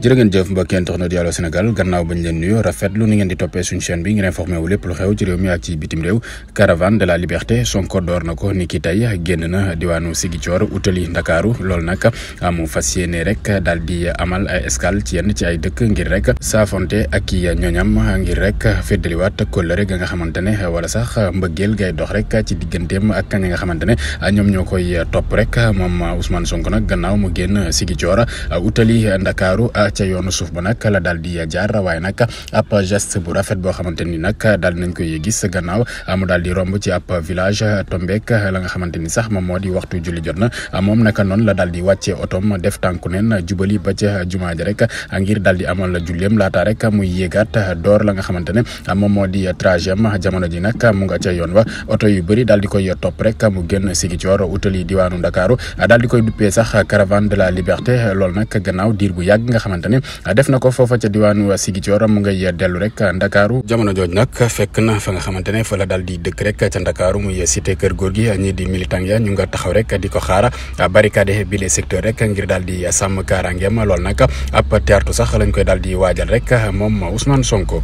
jërë ngeen jëf mbakkeen tax na di Allô Sénégal gannaaw bañ leen nuyu rafetlu ni ngeen di toppee suñu chaîne bi ngeen informé wu lépp lu xew ci réew mi ak ci bitim réew caravane de la liberté Sonko door na ko niki ki tey génn na diwaanu Ziguinchor utali Ndakaaru loolu nag mu fas yéene rek daal di amal ay escale ci yenn ci ay dëkk ngir rek saafonte ak i ñoñam ngir rek feddaliwaat rek ga nga xamante ne wala sax mbëggeel gay dox rek ci digganteem ak ñi nga xamante ne ñoom ñoo koy topp rek moom Ousmane Sonko nag gannaaw mu génn Ziguinchor utali ca yoonu suuf ba nag la daal di jaar waaye nag ab geste bu rafet boo xamante ni nag daal nañ koy gis gannaaw mu daal di romb ci ab village tombek la nga xamante ni sax moom moo di waxtu julli jot na moom naka noon la daal di wàccee otom def tànku neen jubali ba ca jumaa ji rek ngir daal di amal julleem laata rek mu yéegaat door la nga xamante ne moom moo di trajet am jamono ji nag mu nga ca yoon wa oto yu bëri daal di koy topp rek mu génn Sigicoor utali diwaanu Ndakaaru daal di koy duppee sax caravane de la liberté loolu nag gannaaw diir bu yàgg nga xamante ne def na ko foofa ca diwaanu Sigicoor mu ngay dellu rek Ndakaaru jamono jooj nag fekk na fa nga xamante ne fa la daal di dëkk rek ca Ndakaaru muy cité kër góor gi ñii di militant ya ñu nga taxaw rek di ko xaara barricade bi les secteur rek ngir daal di sàmm kaaraangeem loolu nag ab teertu sax lañ koy daal di waajal rek moom Ousmane Sonko.